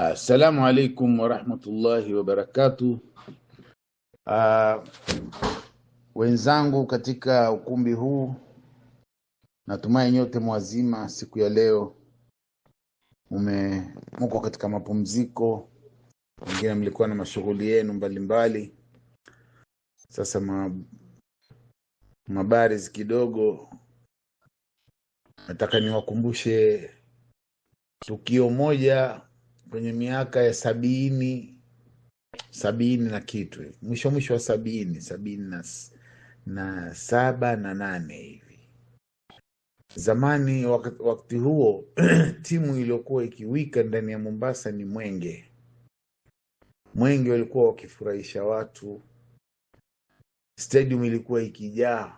Assalamu alaikum warahmatullahi wabarakatuh. Uh, ah, wenzangu katika ukumbi huu, natumai nyote mwazima. Siku ya leo mume mko katika mapumziko, wengine mlikuwa na mashughuli yenu mbalimbali. Sasa ma, mabariz kidogo, nataka niwakumbushe tukio moja kwenye miaka ya sabini sabini na kitu mwisho mwisho wa sabini sabini na, na saba na nane hivi zamani wakati, wakati huo timu iliyokuwa ikiwika ndani ya Mombasa ni Mwenge. Mwenge walikuwa wakifurahisha watu, stadium ilikuwa ikijaa,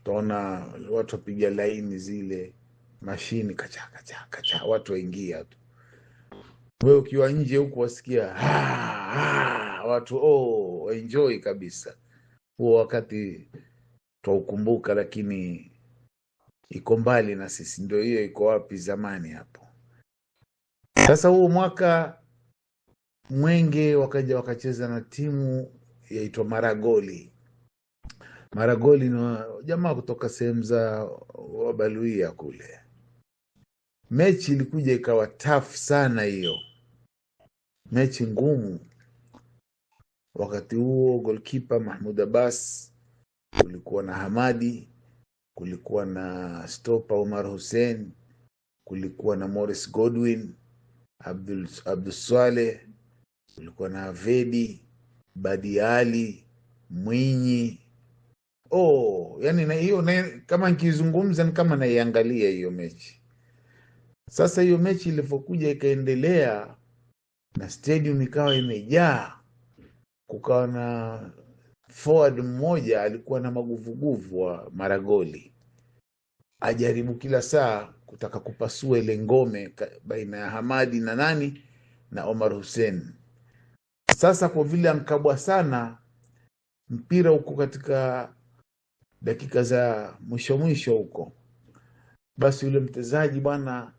utaona watu wapiga laini zile mashini kacha kacha kacha, watu waingia tu wewe ukiwa nje huku wasikia watu oh, enjoy kabisa huo wakati twaukumbuka, lakini iko mbali na sisi. Ndio hiyo iko wapi zamani hapo. Sasa huo mwaka Mwenge wakaja wakacheza na timu yaitwa Maragoli. Maragoli ni jamaa kutoka sehemu za Wabaluia kule mechi ilikuja ikawa tafu sana, hiyo mechi ngumu. Wakati huo golkipa Mahmud Abbas, kulikuwa na Hamadi, kulikuwa na stopa Omar Hussein, kulikuwa na Morris Godwin, Abdul kulikuwa na Avedi, Badiali, Mwinyi. Oh, yani na hiyo kama nikizungumza ni kama naiangalia hiyo mechi sasa hiyo mechi ilivyokuja ikaendelea na stadium ikawa imejaa, kukawa na forward mmoja alikuwa na maguvuguvu wa Maragoli, ajaribu kila saa kutaka kupasua ile ngome baina ya Hamadi na nani na Omar Hussein. Sasa kwa vile amkabwa sana, mpira uko katika dakika za mwisho mwisho huko, basi yule mtezaji bwana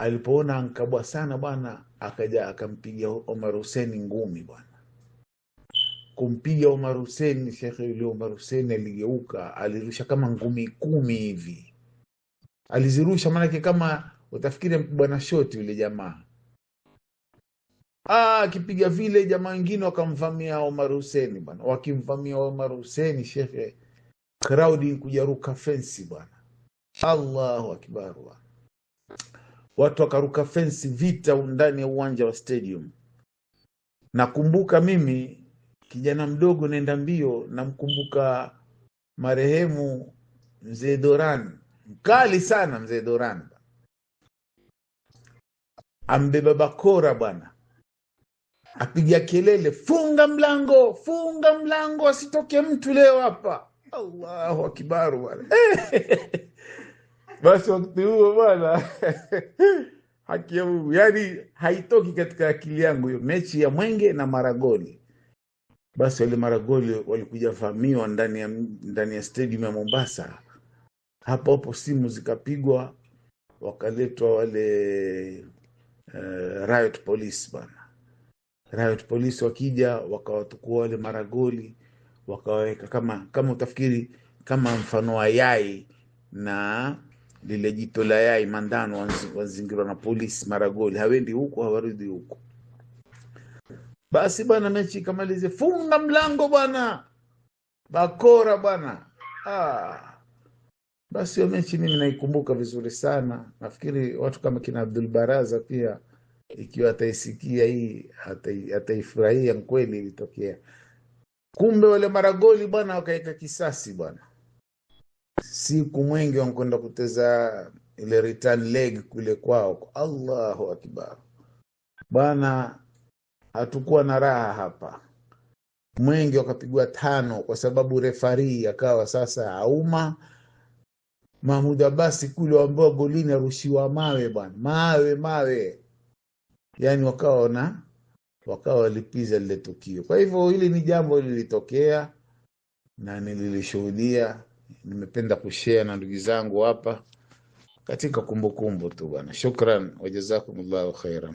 alipoona ankabwa sana bwana, akaja akampiga Omar Hussein ngumi bwana. Kumpiga Omar Hussein, shekhe yule Omar Hussein aligeuka, alirusha kama ngumi kumi hivi alizirusha, maanake kama utafikiri bwana shoti yule jamaa ah, akipiga vile, jamaa wengine wakamvamia Omar Hussein bwana. Wakimvamia Omar Hussein shekhe, kraudi kujaruka fensi bwana, Allahu akbar bwana watu wakaruka fensi, vita ndani ya uwanja wa stadium. Nakumbuka mimi kijana mdogo naenda mbio, namkumbuka marehemu mzee Doran, mkali sana mzee Doran, ambeba bakora bwana, apiga kelele, funga mlango, funga mlango, asitoke mtu leo hapa. Allahu akibaru bwana Basi wakati huo bwana, haki ya Mungu, yaani, haitoki katika akili yangu hiyo mechi ya Mwenge na Maragoli. Basi wale Maragoli walikuja vamiwa ndani ya ndani ya stadium ya Mombasa, hapo hapo simu zikapigwa, wakaletwa wale uh, riot police bwana. Riot police wakija wakawatukua wale Maragoli, wakawaweka kama kama utafikiri kama mfano wa yai na lile jito la yai Mandano wazingirwa na polisi Maragoli, hawendi huko hawarudi huko. Basi bwana, mechi ikamalize, funga mlango bwana, bakora bwana. Ah, basi hiyo mechi mimi naikumbuka vizuri sana. Nafikiri watu kama kina Abdul Baraza pia, ikiwa ataisikia hii ataifurahia kweli, ilitokea. Kumbe wale Maragoli bwana wakaita kisasi bwana siku mwingi wankwenda kuteza ile return leg kule kwao. Allahu akbar bwana, hatukuwa na raha hapa. Mwengi wakapigwa tano kwa sababu refari akawa sasa auma Mahmud basi kule wambao golini arushiwa mawe bwana, mawe mawe, yani wakawa na wakawa walipiza lile tukio. Kwa hivyo hili ni jambo lilitokea na nililishuhudia nimependa kushare na ndugu zangu hapa katika kumbukumbu tu bwana. Shukran, wajazakumullahu khairan.